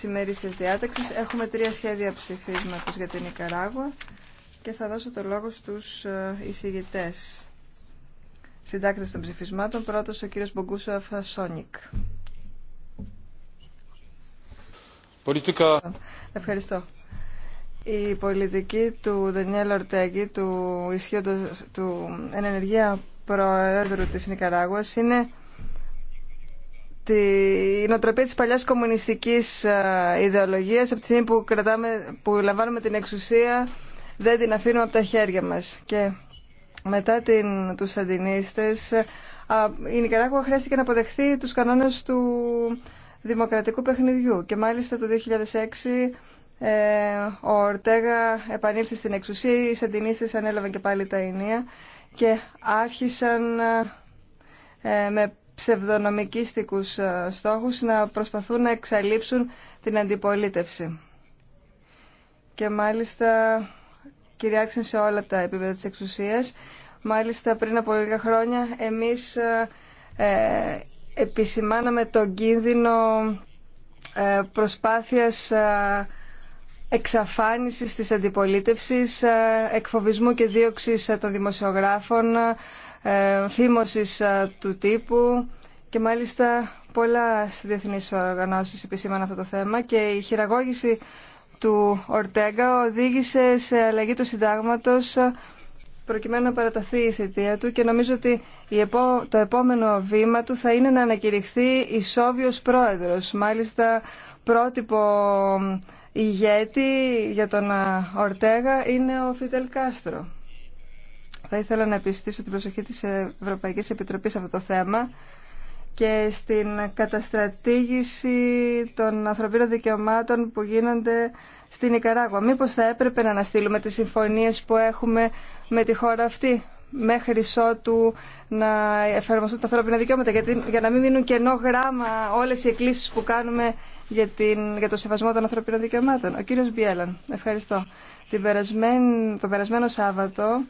της ημερήσιας διάταξης. Έχουμε τρία σχέδια ψηφίσματος για την Ικαράγουα και θα δώσω το λόγο στους ε, εισηγητές. Συντάκτες των ψηφισμάτων, πρώτος ο κύριος Μπογκούσο Αφασόνικ. Πολιτικά. Ευχαριστώ. Η πολιτική του Δανιέλ Ορτέγκη, του ισχύοντος του ενεργεία Προέδρου της Νικαράγουας, είναι η νοοτροπία της παλιάς κομμουνιστικής ε, ιδεολογίας από τη στιγμή που, κρατάμε, που λαμβάνουμε την εξουσία δεν την αφήνουμε από τα χέρια μας. Και μετά την, τους ε, η Νικαράγουα χρειάστηκε να αποδεχθεί τους κανόνες του δημοκρατικού παιχνιδιού και μάλιστα το 2006 ε, ο Ορτέγα επανήλθε στην εξουσία, οι σαντινίστες ανέλαβαν και πάλι τα ενία και άρχισαν ε, με ψευδονομικίστικους ε, στόχους να προσπαθούν να εξαλείψουν την αντιπολίτευση. Και μάλιστα κυριάξαν σε όλα τα επίπεδα της εξουσίας. Μάλιστα πριν από λίγα χρόνια εμείς ε, ε, επισημάναμε τον κίνδυνο ε, προσπάθειας ε, εξαφάνισης της αντιπολίτευσης, εκφοβισμού και δίωξης των δημοσιογράφων, ε, φήμωσης ε, του τύπου και μάλιστα πολλά διεθνείς οργανώσεις επισήμαναν αυτό το θέμα και η χειραγώγηση του Ορτέγκα οδήγησε σε αλλαγή του συντάγματος ε, προκειμένου να παραταθεί η θητεία του και νομίζω ότι το επόμενο βήμα του θα είναι να ανακηρυχθεί Σόβιος πρόεδρος. Μάλιστα πρότυπο ηγέτη για τον Ορτέγα είναι ο Φιτελ Κάστρο. Θα ήθελα να επιστήσω την προσοχή της Ευρωπαϊκής Επιτροπής σε αυτό το θέμα και στην καταστρατήγηση των ανθρωπίνων δικαιωμάτων που γίνονται στην Ικαράγουα. Μήπως θα έπρεπε να αναστείλουμε τις συμφωνίες που έχουμε με τη χώρα αυτή μέχρι ότου να εφαρμοστούν τα ανθρώπινα δικαιώματα γιατί, για να μην μείνουν κενό γράμμα όλες οι εκκλήσεις που κάνουμε για, την, για το σεβασμό των ανθρωπίνων δικαιωμάτων. Ο κύριος Μπιέλαν, ευχαριστώ. Την περασμένη, το περασμένο Σάββατο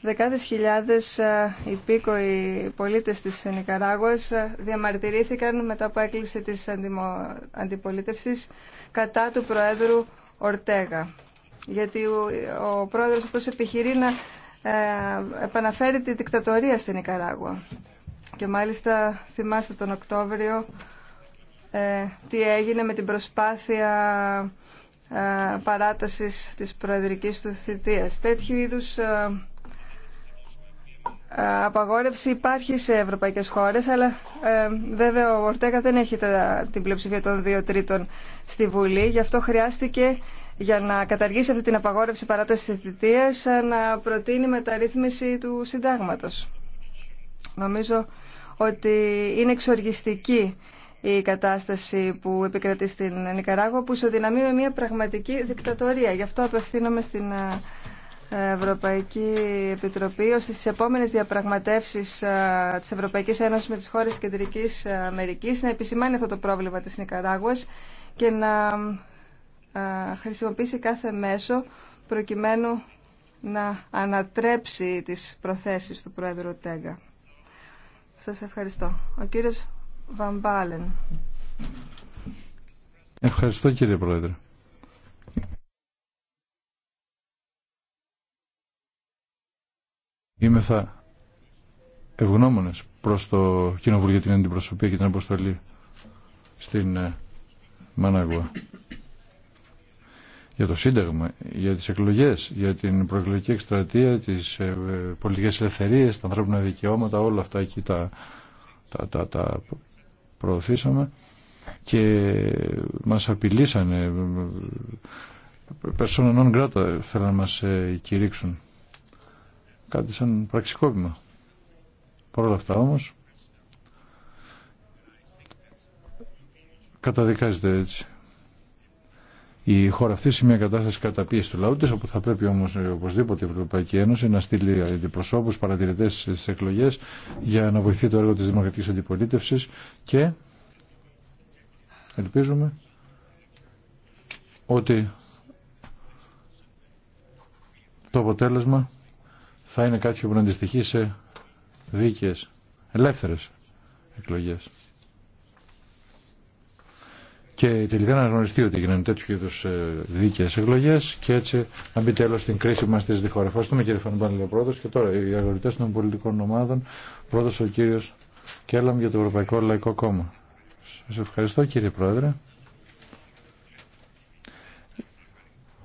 δεκάδες χιλιάδες ε, υπήκοοι πολίτες της Νικαράγουας ε, διαμαρτυρήθηκαν μετά από έκλεισε της αντιπολίτευσης κατά του Προέδρου Ορτέγα. Γιατί ο πρόεδρος αυτός επιχειρεί να ε, επαναφέρει τη δικτατορία στην Νικαράγουα. Και μάλιστα θυμάστε τον Οκτώβριο τι έγινε με την προσπάθεια παράτασης της προεδρικής του θητείας. Τέτοιου είδους απαγόρευση υπάρχει σε ευρωπαϊκές χώρες, αλλά ε, βέβαια ο Ορτέγα δεν έχει τα, την πλειοψηφία των δύο τρίτων στη Βουλή. Γι' αυτό χρειάστηκε για να καταργήσει αυτή την απαγόρευση παράταση τη θητεία ε, να προτείνει μεταρρύθμιση του συντάγματος. Νομίζω ότι είναι εξοργιστική η κατάσταση που επικρατεί στην Νικαράγουα που ισοδυναμεί με μια πραγματική δικτατορία. Γι' αυτό απευθύνομαι στην ε, Ευρωπαϊκή Επιτροπή ώστε στις επόμενες διαπραγματεύσεις ε, της Ευρωπαϊκής Ένωσης με τις χώρες Κεντρικής Αμερικής να επισημάνει αυτό το πρόβλημα της Νικαράγουας και να ε, χρησιμοποιήσει κάθε μέσο προκειμένου να ανατρέψει τις προθέσεις του Πρόεδρου Τέγκα. Σας ευχαριστώ. Ο κύριος Βαμπάλεν. Ευχαριστώ κύριε Πρόεδρε. Είμαι θα ευγνώμονες προς το Κοινοβούλιο την Αντιπροσωπεία και την Αποστολή στην ε, Μανάγουα. Για το Σύνταγμα, για τις εκλογές, για την προεκλογική εκστρατεία, τις ε, πολιτικές ελευθερίες, τα ανθρώπινα δικαιώματα, όλα αυτά εκεί τα, τα, τα, τα προωθήσαμε και μας απειλήσανε persona non grata θέλανε να μας ε, κηρύξουν κάτι σαν πραξικόπημα. Παρ' όλα αυτά όμως καταδικάζεται έτσι. Η χώρα αυτή σε μια κατάσταση καταπίεση του λαού της όπου θα πρέπει όμως οπωσδήποτε η Ευρωπαϊκή Ένωση να στείλει αντιπροσώπους, παρατηρητές στις εκλογές για να βοηθεί το έργο της δημοκρατικής αντιπολίτευσης και ελπίζουμε ότι το αποτέλεσμα θα είναι κάτι που να αντιστοιχεί σε δίκαιες, ελεύθερες εκλογές. Και τελικά να γνωριστεί ότι έγιναν τέτοιου είδου ε, δίκαιε εκλογέ και έτσι να μπει τέλο στην κρίση μα τη χώρα. Ευχαριστούμε κύριε Φανμπάνη πρόεδρο Και τώρα οι αγορητέ των πολιτικών ομάδων. Πρώτο ο κύριο Κέλαμ για το Ευρωπαϊκό Λαϊκό Κόμμα. Σα ευχαριστώ κύριε Πρόεδρε.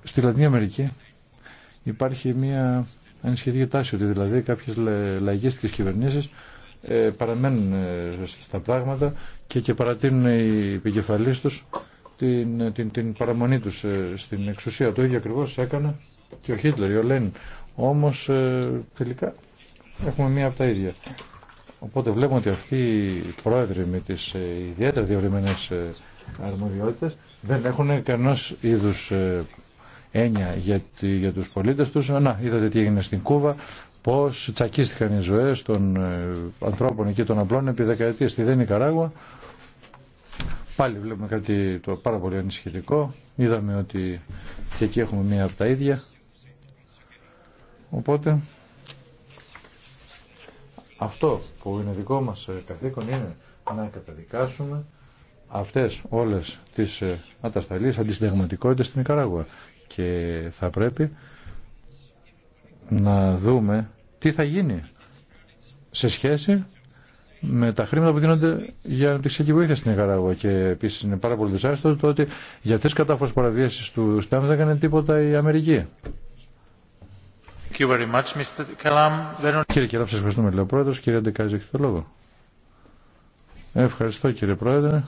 Στη Λατινική Αμερική υπάρχει μια σχετική τάση ότι δηλαδή κάποιες λαϊκίστικες κυβερνήσεις ε, παραμένουν ε, στα πράγματα και, και παρατείνουν οι επικεφαλείς τους την, την, την παραμονή τους ε, στην εξουσία. Το ίδιο ακριβώ έκανε και ο Χίτλερ, ο Λένιν. Όμως ε, τελικά έχουμε μία από τα ίδια. Οπότε βλέπουμε ότι αυτοί οι πρόεδροι με τις ιδιαίτερα διαβριμένες αρμοδιότητες δεν έχουν κανένας είδους έννοια για, για τους πολίτες τους. Να, είδατε τι έγινε στην Κούβα, πώς τσακίστηκαν οι ζωές των ε, ανθρώπων εκεί των απλών επί δεκαετίες στη Δένη Καράγουα. Πάλι βλέπουμε κάτι το πάρα πολύ ανησυχητικό. Είδαμε ότι και εκεί έχουμε μία από τα ίδια. Οπότε αυτό που είναι δικό μας ε, καθήκον είναι να καταδικάσουμε αυτές όλες τις ε, ατασταλείς αντισυνταγματικότητες στην Ικαράγουα και θα πρέπει να δούμε τι θα γίνει σε σχέση με τα χρήματα που δίνονται για αναπτυξιακή βοήθεια στην ΕΚΑΡΑΓΟ Και επίση είναι πάρα πολύ δυσάρεστο το ότι για αυτέ τι κατάφορε παραβιάσει του ΣΤΑΜ δεν έκανε τίποτα η Αμερική. very much, Mr. Kalam. Κύριε Κελάμ, σα ευχαριστούμε, λέει ο πρόεδρο. Κύριε Αντεκάζη, έχετε το λόγο. Ευχαριστώ, κύριε πρόεδρε.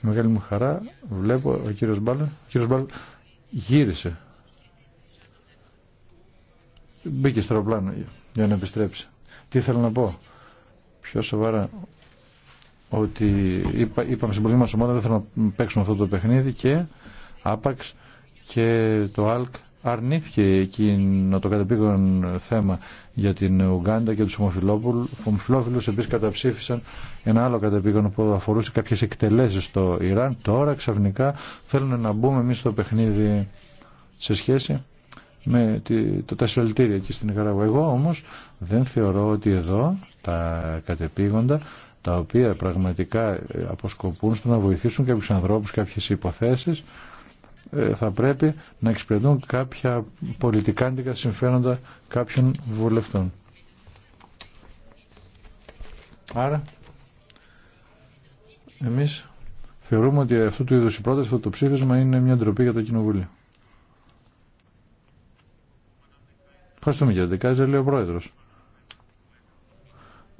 μεγάλη μου χαρά βλέπω ο κύριο Μπάλε γύρισε. Μπήκε στο αεροπλάνο για να επιστρέψει. Τι θέλω να πω. Πιο σοβαρά ότι είπα, είπαμε στην πολιτική μας ομάδα δεν θέλω να παίξουμε αυτό το παιχνίδι και άπαξ και το ΑΛΚ αρνήθηκε εκείνο το κατεπήγον θέμα για την Ουγγάντα και τους ομοφιλόφιλους επίσης καταψήφισαν ένα άλλο κατεπήγον που αφορούσε κάποιες εκτελέσεις στο Ιράν τώρα ξαφνικά θέλουν να μπούμε εμείς στο παιχνίδι σε σχέση με το, τα εκεί στην Ιχαραβού. Εγώ όμως δεν θεωρώ ότι εδώ τα κατεπήγοντα τα οποία πραγματικά αποσκοπούν στο να βοηθήσουν κάποιους ανθρώπους, κάποιες υποθέσεις ε, θα πρέπει να εξυπηρετούν κάποια πολιτικάντικα συμφέροντα κάποιων βουλευτών. Άρα, εμείς θεωρούμε ότι αυτού του είδους η πρόταση, αυτό το ψήφισμα είναι μια ντροπή για το Κοινοβούλιο. Ευχαριστούμε κύριε Δεκάζε, λέει ο Πρόεδρος.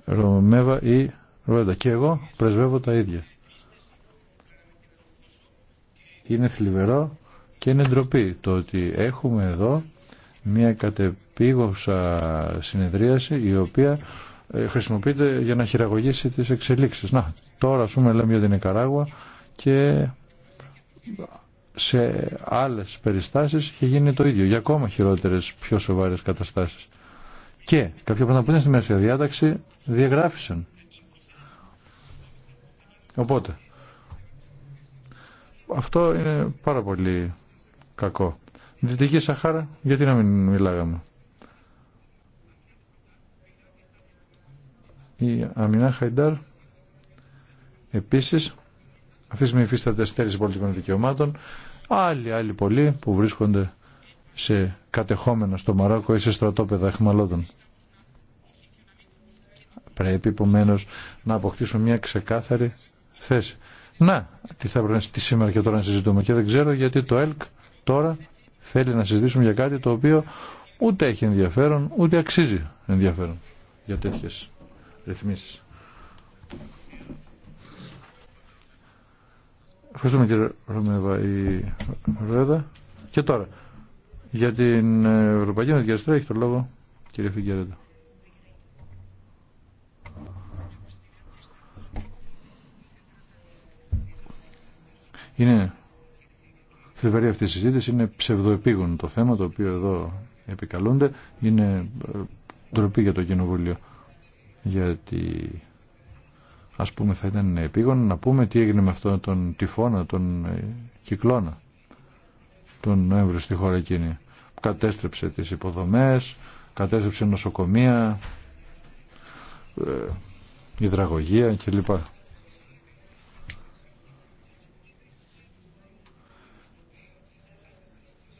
Ρωμέβα ή Ροέντα. Και εγώ πρεσβεύω τα ίδια. Είναι θλιβερό και είναι ντροπή το ότι έχουμε εδώ μια κατεπίγωσα συνεδρίαση η οποία ε, χρησιμοποιείται για να χειραγωγήσει τις εξελίξεις. Να, τώρα ας πούμε λέμε για την Ικαράγουα και σε άλλες περιστάσεις είχε γίνει το ίδιο, για ακόμα χειρότερες, πιο σοβαρές καταστάσεις. Και κάποια πράγματα που είναι στη μέση διάταξη διαγράφησαν. Οπότε, αυτό είναι πάρα πολύ κακό. Δυτική Σαχάρα, γιατί να μην μιλάγαμε. Η Αμινά Χαϊντάρ επίσης αυτή με υφίσταται στέρηση πολιτικών δικαιωμάτων. Άλλοι, άλλοι πολλοί που βρίσκονται σε κατεχόμενα στο Μαράκο ή σε στρατόπεδα αχμαλώτων. Πρέπει επομένω να αποκτήσουν μια ξεκάθαρη θέση. Να, τι θα έπρεπε να σήμερα και τώρα να συζητούμε. Και δεν ξέρω γιατί το ΕΛΚ τώρα θέλει να συζητήσουμε για κάτι το οποίο ούτε έχει ενδιαφέρον, ούτε αξίζει ενδιαφέρον για τέτοιε ρυθμίσει. Ευχαριστούμε κύριε Ρωμεύα η Ρέδα. Και τώρα, για την ε, Ευρωπαϊκή Νοτιαστρία έχει το λόγο κύριε Φιγκέρετα. Είναι θλιβερή αυτή η συζήτηση, είναι ψευδοεπίγον το θέμα το οποίο εδώ επικαλούνται, είναι ε, ντροπή για το Κοινοβούλιο. Γιατί ας πούμε θα ήταν επίγον να πούμε τι έγινε με αυτόν τον τυφώνα, τον ε, κυκλώνα τον Νοέμβριο στη χώρα εκείνη. Κατέστρεψε τις υποδομές, κατέστρεψε νοσοκομεία, ε, υδραγωγία κλπ.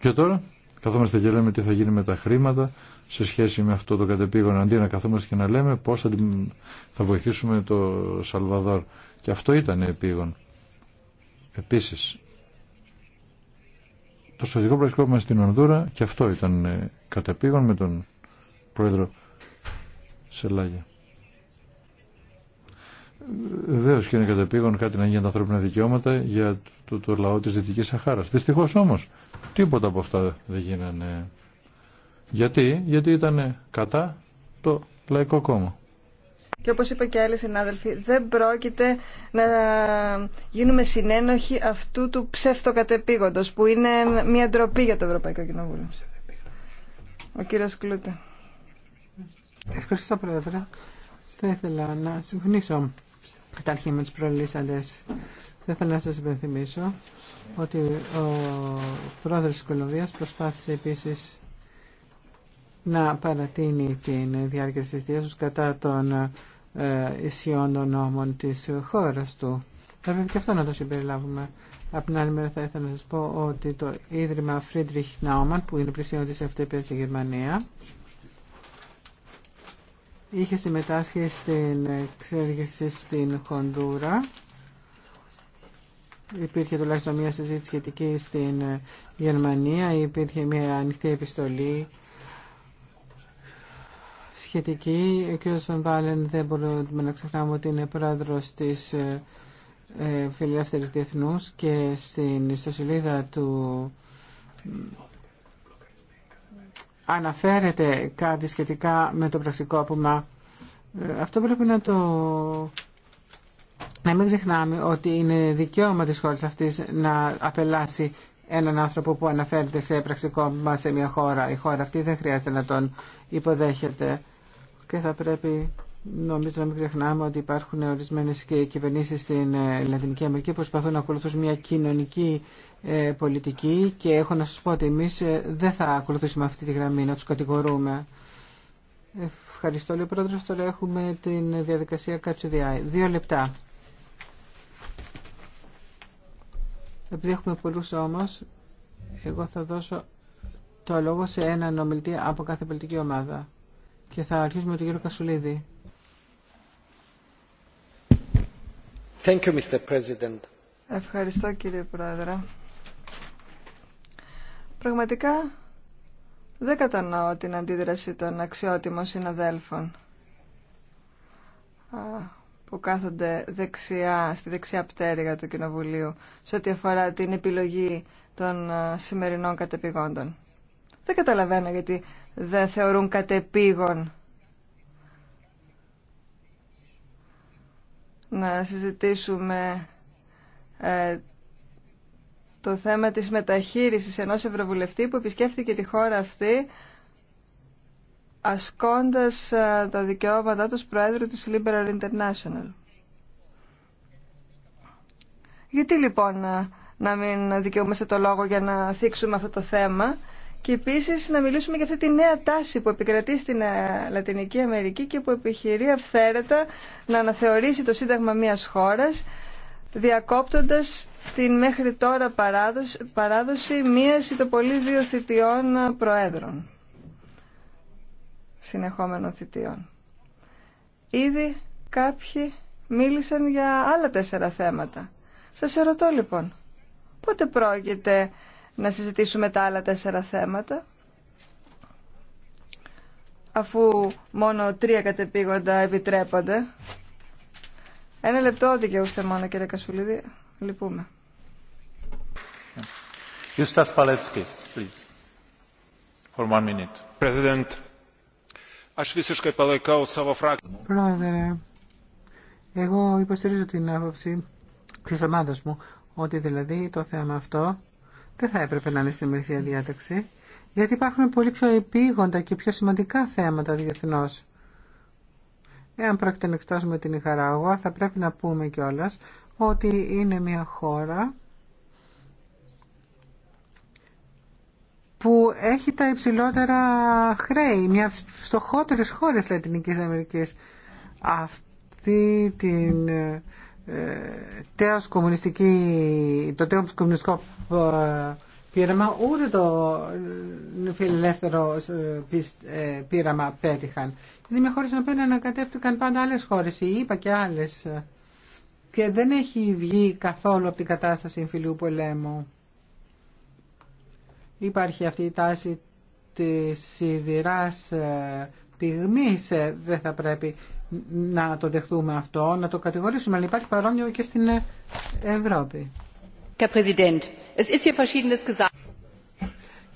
Και τώρα καθόμαστε και λέμε τι θα γίνει με τα χρήματα σε σχέση με αυτό το κατεπήγον αντί να καθόμαστε και να λέμε πώς θα, βοηθήσουμε το Σαλβαδόρ. Και αυτό ήταν επίγον. Επίσης, το στρατηγικό πραξικόπημα στην Ονδούρα και αυτό ήταν ε, κατεπήγον με τον πρόεδρο Σελάγια. Βεβαίω και είναι κατεπήγον κάτι να γίνει για τα ανθρώπινα δικαιώματα για το, το, το λαό τη Δυτική Σαχάρα. Δυστυχώ όμω τίποτα από αυτά δεν γίνανε. Γιατί, γιατί ήταν κατά το Λαϊκό Κόμμα. Και όπως είπα και άλλοι συνάδελφοι, δεν πρόκειται να γίνουμε συνένοχοι αυτού του ψευτοκατεπήγοντος που είναι μια ντροπή για το Ευρωπαϊκό Κοινοβούλιο. Ο κύριο Κλούτε. Ευχαριστώ Πρόεδρε. Θα ήθελα να συμφωνήσω Καταρχήν με τους προλύσαντες. Θα ήθελα να σας υπενθυμίσω ότι ο πρόεδρος της Κολομβίας προσπάθησε επίσης να παρατείνει την διάρκεια της θητείας κατά των ε, ισιών των νόμων της χώρας του. Θα πρέπει και αυτό να το συμπεριλάβουμε. Από την άλλη μέρα θα ήθελα να σας πω ότι το Ίδρυμα Friedrich Ναουμαν, που είναι πλησίον της FTP στη Γερμανία είχε συμμετάσχει στην εξέργηση στην Χοντούρα. Υπήρχε τουλάχιστον μια συζήτηση σχετική στην Γερμανία, υπήρχε μια ανοιχτή επιστολή σχετική. Ο κ. Βαλεν δεν μπορούμε να ξεχνάμε ότι είναι πρόεδρος της ε, Φιλελεύθερης Διεθνούς και στην ιστοσελίδα του αναφέρεται κάτι σχετικά με το πραξικό ε, Αυτό πρέπει να το... Να μην ξεχνάμε ότι είναι δικαίωμα της χώρας αυτής να απελάσει έναν άνθρωπο που αναφέρεται σε πραξικό μα σε μια χώρα. Η χώρα αυτή δεν χρειάζεται να τον υποδέχεται και θα πρέπει Νομίζω να μην ξεχνάμε ότι υπάρχουν ορισμένε κυβερνήσει στην ε, Λατινική Αμερική που προσπαθούν να ακολουθούν μια κοινωνική ε, πολιτική και έχω να σα πω ότι εμεί ε, δεν θα ακολουθήσουμε αυτή τη γραμμή, να του κατηγορούμε. Ευχαριστώ, λέει πρόεδρο. Τώρα έχουμε την διαδικασία Κατσουδιάη. Δύο λεπτά. Επειδή έχουμε πολλού όμω, εγώ θα δώσω το λόγο σε έναν ομιλητή από κάθε πολιτική ομάδα. Και θα αρχίσουμε με τον κύριο Κασουλίδη. Ευχαριστώ κύριε Πρόεδρε. Πραγματικά δεν κατανοώ την αντίδραση των αξιότιμων συναδέλφων που κάθονται δεξιά, στη δεξιά πτέρυγα του Κοινοβουλίου σε ό,τι αφορά την επιλογή των σημερινών κατεπηγόντων. Δεν καταλαβαίνω γιατί δεν θεωρούν κατεπήγον να συζητήσουμε ε, το θέμα της μεταχείρισης ενός Ευρωβουλευτή που επισκέφθηκε τη χώρα αυτή ασκώντας ε, τα δικαιώματά του Προέδρου της Liberal International. Γιατί λοιπόν ε, να μην δικαιούμαστε το λόγο για να θίξουμε αυτό το θέμα και επίση να μιλήσουμε για αυτή τη νέα τάση που επικρατεί στην ε, Λατινική Αμερική και που επιχειρεί αυθαίρετα να αναθεωρήσει το σύνταγμα μια χώρα, διακόπτοντα την μέχρι τώρα παράδοση, παράδοση μίας ή το πολύ δύο θητιών προέδρων. Συνεχόμενων θητιών. Ήδη κάποιοι μίλησαν για άλλα τέσσερα θέματα. Σας ερωτώ λοιπόν, πότε πρόκειται να συζητήσουμε τα άλλα τέσσερα θέματα αφού μόνο τρία κατεπήγοντα επιτρέπονται. Ένα λεπτό δικαιούστε μόνο κύριε Κασουλίδη. Λυπούμε. Πρόεδρε, εγώ υποστηρίζω την άποψη της ομάδας μου ότι δηλαδή το θέμα αυτό δεν θα έπρεπε να είναι στην ημερησία διάταξη, γιατί υπάρχουν πολύ πιο επίγοντα και πιο σημαντικά θέματα διεθνώ. Εάν πρόκειται να εξετάσουμε την Ιχαράγωα, θα πρέπει να πούμε κιόλα ότι είναι μια χώρα που έχει τα υψηλότερα χρέη, μια από τις φτωχότερες χώρες Λατινικής Αμερικής. Αυτή την ε, τέος κομμουνιστική, το τέος κομμουνιστικό ε, πείραμα ούτε το φιλελεύθερο ε, πείραμα πέτυχαν. Είναι μια χώρα στην οποία ανακατεύτηκαν πάντα άλλες χώρες, η και άλλες. Και δεν έχει βγει καθόλου από την κατάσταση εμφυλίου πολέμου. Υπάρχει αυτή η τάση της σιδηράς Εμεί δεν θα πρέπει να το δεχτούμε αυτό, να το κατηγορήσουμε, αλλά υπάρχει παρόμοιο και στην ε, Ευρώπη.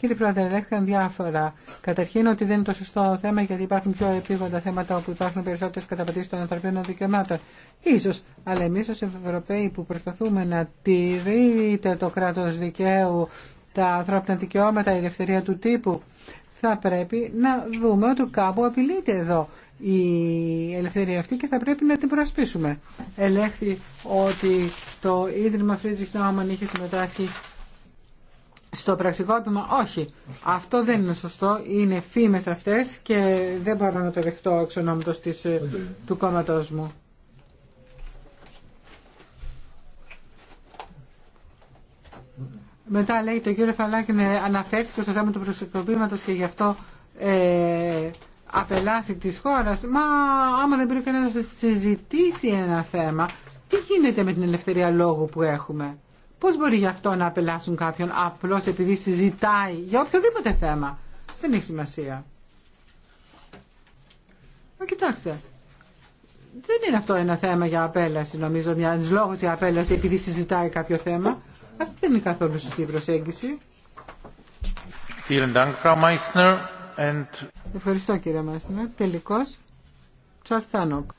Κύριε Πρόεδρε, ελέγχθηκαν διάφορα. Καταρχήν ότι δεν είναι το σωστό θέμα γιατί υπάρχουν πιο επίγοντα θέματα όπου υπάρχουν περισσότερε καταπατήσει των ανθρωπίνων δικαιωμάτων. Ίσως, αλλά εμεί ω Ευρωπαίοι που προσπαθούμε να τηρείτε το κράτο δικαίου, τα ανθρώπινα δικαιώματα, η ελευθερία του τύπου, θα πρέπει να δούμε ότι κάπου απειλείται εδώ η ελευθερία αυτή και θα πρέπει να την προασπίσουμε. Ελέγχθη ότι το Ίδρυμα Φρίντριχ Νόμαν είχε συμμετάσχει στο πραξικόπημα Όχι, αυτό δεν είναι σωστό. Είναι φήμες αυτές και δεν μπορώ να το δεχτώ εξ ονόματος ε, του κόμματός μου. Μετά λέει το κύριο φαλάκη ε, αναφέρθηκε στο θέμα του προσωπικοποιήματος και γι' αυτό ε, απελάθη της χώρας. Μα άμα δεν πρέπει κανένας να συζητήσει ένα θέμα, τι γίνεται με την ελευθερία λόγου που έχουμε. Πώς μπορεί γι' αυτό να απελάσουν κάποιον απλώς επειδή συζητάει για οποιοδήποτε θέμα. Δεν έχει σημασία. Μα κοιτάξτε, δεν είναι αυτό ένα θέμα για απέλαση, νομίζω, μια λόγος για απέλαση επειδή συζητάει κάποιο θέμα. Αυτή δεν είναι καθόλου σωστή προσέγγιση. Ευχαριστώ κύριε Μάισνερ. Τελικώς, Τσάρλ Θάνοκ.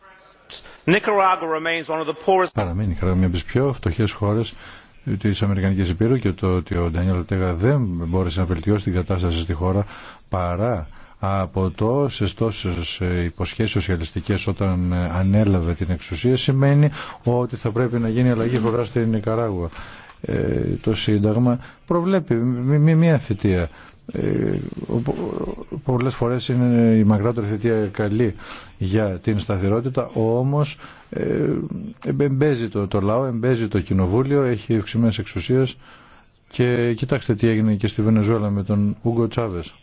Παραμένει η χώρα μια από τι πιο φτωχέ χώρε τη Αμερικανική Υπήρου και το ότι ο Ντανιέλ Τέγα δεν μπόρεσε να βελτιώσει την κατάσταση στη χώρα παρά από τόσε τόσε υποσχέσει σοσιαλιστικέ όταν ε, ανέλαβε την εξουσία σημαίνει ότι θα πρέπει να γίνει αλλαγή φορά στην Νικαράγουα. Ε, το Σύνταγμα προβλέπει μία θητεία. Ε, πολλές φορές είναι η μακρότερη θητεία καλή για την σταθερότητα, όμως ε, εμπέζει το, το λαό, εμπέζει το κοινοβούλιο, έχει ευξημένες εξουσίες και κοιτάξτε τι έγινε και στη Βενεζουέλα με τον Ούγκο Τσάβες.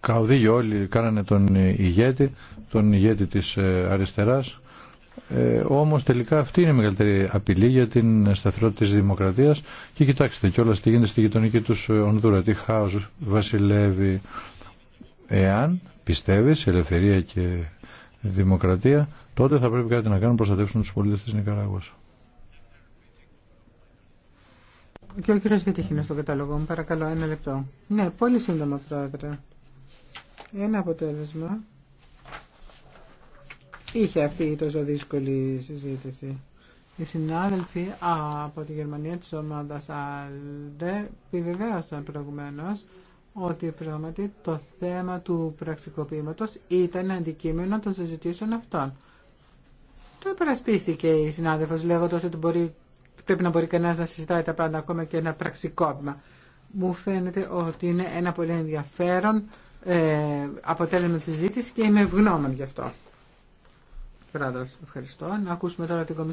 Καουδίγιο όλοι κάνανε τον ηγέτη, τον ηγέτη της αριστεράς ε, όμως τελικά αυτή είναι η μεγαλύτερη απειλή για την σταθερότητα της δημοκρατίας και κοιτάξτε όλα τι γίνεται στη γειτονική τους ε, Ονδούρα, τι χάος βασιλεύει εάν πιστεύει σε ελευθερία και δημοκρατία τότε θα πρέπει κάτι να κάνουν προστατεύσουν τους πολιτέ της Νικαράγουας. Και ο κύριο είναι στο κατάλογο μου, παρακαλώ, ένα λεπτό. Ναι, πολύ σύντομα, πρόεδρε. Ένα αποτέλεσμα είχε αυτή η τόσο δύσκολη συζήτηση. Οι συνάδελφοι από τη Γερμανία της ομάδας ΑΛΔΕ επιβεβαίωσαν προηγουμένως ότι πράγματι το θέμα του πραξικοπήματος ήταν αντικείμενο των συζητήσεων αυτών. Το υπερασπίστηκε η συνάδελφος λέγοντας ότι μπορεί, πρέπει να μπορεί κανένας να συζητάει τα πάντα ακόμα και ένα πραξικόπημα. Μου φαίνεται ότι είναι ένα πολύ ενδιαφέρον ε, αποτέλεσμα της συζήτησης και είμαι ευγνώμων γι' αυτό ευχαριστώ. Να τώρα την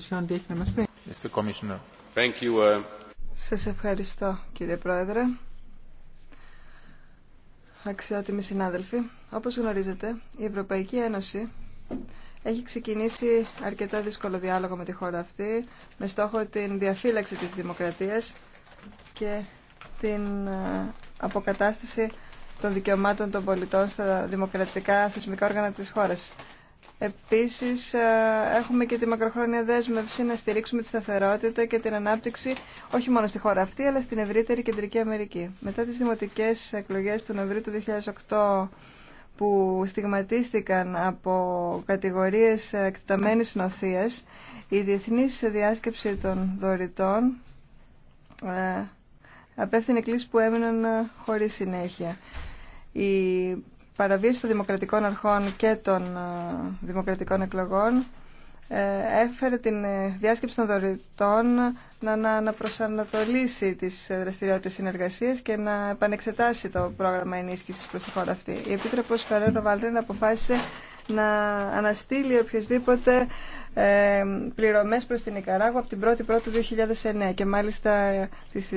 Σας ευχαριστώ κύριε Πρόεδρε. Αξιότιμοι συνάδελφοι, όπως γνωρίζετε, η Ευρωπαϊκή Ένωση έχει ξεκινήσει αρκετά δύσκολο διάλογο με τη χώρα αυτή με στόχο την διαφύλαξη της δημοκρατίας και την ε, αποκατάσταση των δικαιωμάτων των πολιτών στα δημοκρατικά θεσμικά όργανα της χώρας. Επίσης, ε, έχουμε και τη μακροχρόνια δέσμευση να στηρίξουμε τη σταθερότητα και την ανάπτυξη όχι μόνο στη χώρα αυτή, αλλά στην ευρύτερη Κεντρική Αμερική. Μετά τις δημοτικές εκλογές του Νοεμβρίου του 2008, που στιγματίστηκαν από κατηγορίες εκταμένης νοθείας, η Διεθνής Διάσκεψη των Δωρητών ε, απέφθηνε κλίσεις που έμειναν ε, χωρίς συνέχεια. Η παραβίαση των δημοκρατικών αρχών και των ε, δημοκρατικών εκλογών ε, έφερε την ε, διάσκεψη των δωρητών να αναπροσανατολίσει τις δραστηριότητες συνεργασίας και να επανεξετάσει το πρόγραμμα ενίσχυσης προς τη χώρα αυτή. Η Επίτροπος Φερέρο Βαλτρίν αποφάσισε να αναστείλει οποιασδήποτε πληρωμές προς την Ικαράγου από την 1η η 2009 και μάλιστα τις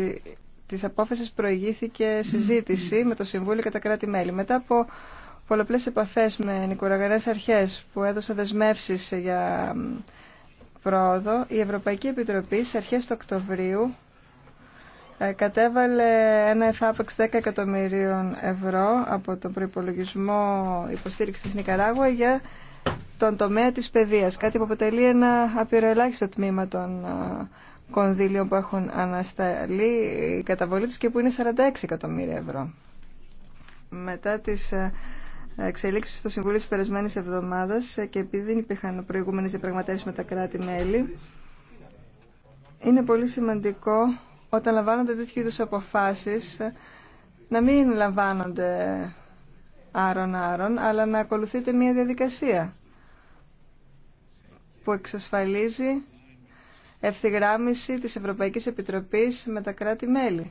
της απόφασης προηγήθηκε συζήτηση με το Συμβούλιο και τα κράτη-μέλη. Μετά από πολλαπλές επαφές με νοικουραγανές αρχές που έδωσαν δεσμεύσεις για πρόοδο, η Ευρωπαϊκή Επιτροπή σε αρχές του Οκτωβρίου ε, κατέβαλε ένα εφάπαξ 10 εκατομμυρίων ευρώ από τον προϋπολογισμό υποστήριξης της Νικαράγουα για τον τομέα της παιδείας, κάτι που αποτελεί ένα απειροελάχιστο τμήμα των ε, κονδύλιο που έχουν ανασταλεί η καταβολή τους και που είναι 46 εκατομμύρια ευρώ. Μετά τις ε, εξελίξεις στο Συμβούλιο της περασμένης εβδομάδας ε, και επειδή δεν υπήρχαν προηγούμενες διαπραγματεύσεις με τα κράτη-μέλη, είναι πολύ σημαντικό όταν λαμβάνονται τέτοιου είδους αποφάσεις ε, να μην λαμβανονται αρων άρων-άρων αλλά να ακολουθείται μια διαδικασία που εξασφαλίζει ευθυγράμμιση της Ευρωπαϊκής Επιτροπής με τα κράτη-μέλη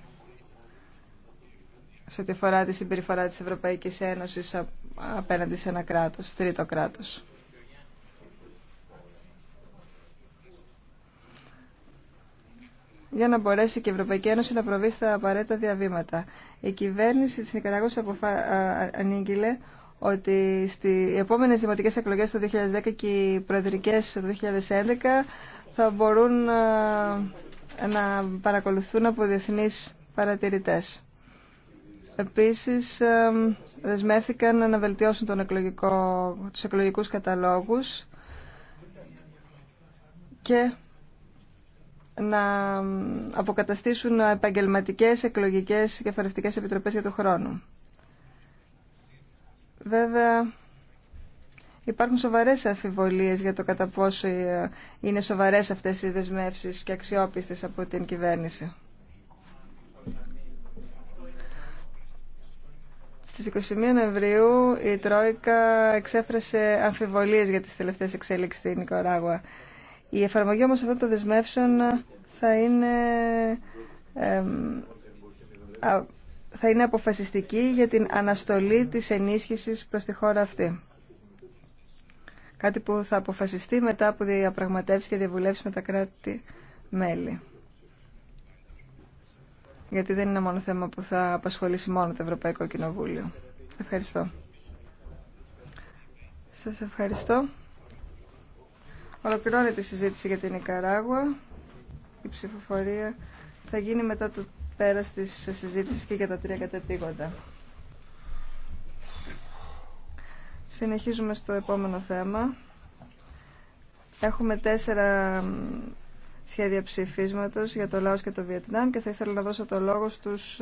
σε ό,τι αφορά τη συμπεριφορά της Ευρωπαϊκής Ένωσης απέναντι σε ένα κράτος, τρίτο κράτος. για να μπορέσει και η Ευρωπαϊκή Ένωση να προβεί στα απαραίτητα διαβήματα. Η κυβέρνηση της Νικαράγωσης αποφα... ανήγγειλε ότι στις επόμενες δημοτικές εκλογές το 2010 και οι προεδρικές το 2011 θα μπορούν ε, να παρακολουθούν από διεθνείς παρατηρητές. Επίσης, ε, δεσμεύθηκαν να βελτιώσουν τον εκλογικό, τους εκλογικούς καταλόγους και να αποκαταστήσουν επαγγελματικές, εκλογικές και φορευτικές επιτροπές για το χρόνο. Βέβαια, Υπάρχουν σοβαρές αμφιβολίες για το κατά πόσο ε, είναι σοβαρές αυτές οι δεσμεύσεις και αξιόπιστες από την κυβέρνηση. Στις 21 Νοεμβρίου η Τρόικα εξέφρασε αμφιβολίες για τις τελευταίες εξέλιξεις στην Νικαράγουα. Η εφαρμογή όμως αυτών των δεσμεύσεων θα είναι, θα είναι αποφασιστική για την αναστολή της ενίσχυσης προς τη χώρα αυτή. Κάτι που θα αποφασιστεί μετά από διαπραγματεύσει και διαβουλεύσει με τα κράτη-μέλη. Γιατί δεν είναι μόνο θέμα που θα απασχολήσει μόνο το Ευρωπαϊκό Κοινοβούλιο. Ευχαριστώ. Σας ευχαριστώ. Ολοκληρώνεται η συζήτηση για την Ικαράγουα. Η ψηφοφορία θα γίνει μετά το πέρας της συζήτησης και για τα τρία κατεπήγοντα. Συνεχίζουμε στο επόμενο θέμα. Έχουμε τέσσερα σχέδια ψηφίσματος για το Λάος και το Βιετνάμ και θα ήθελα να δώσω το λόγο στους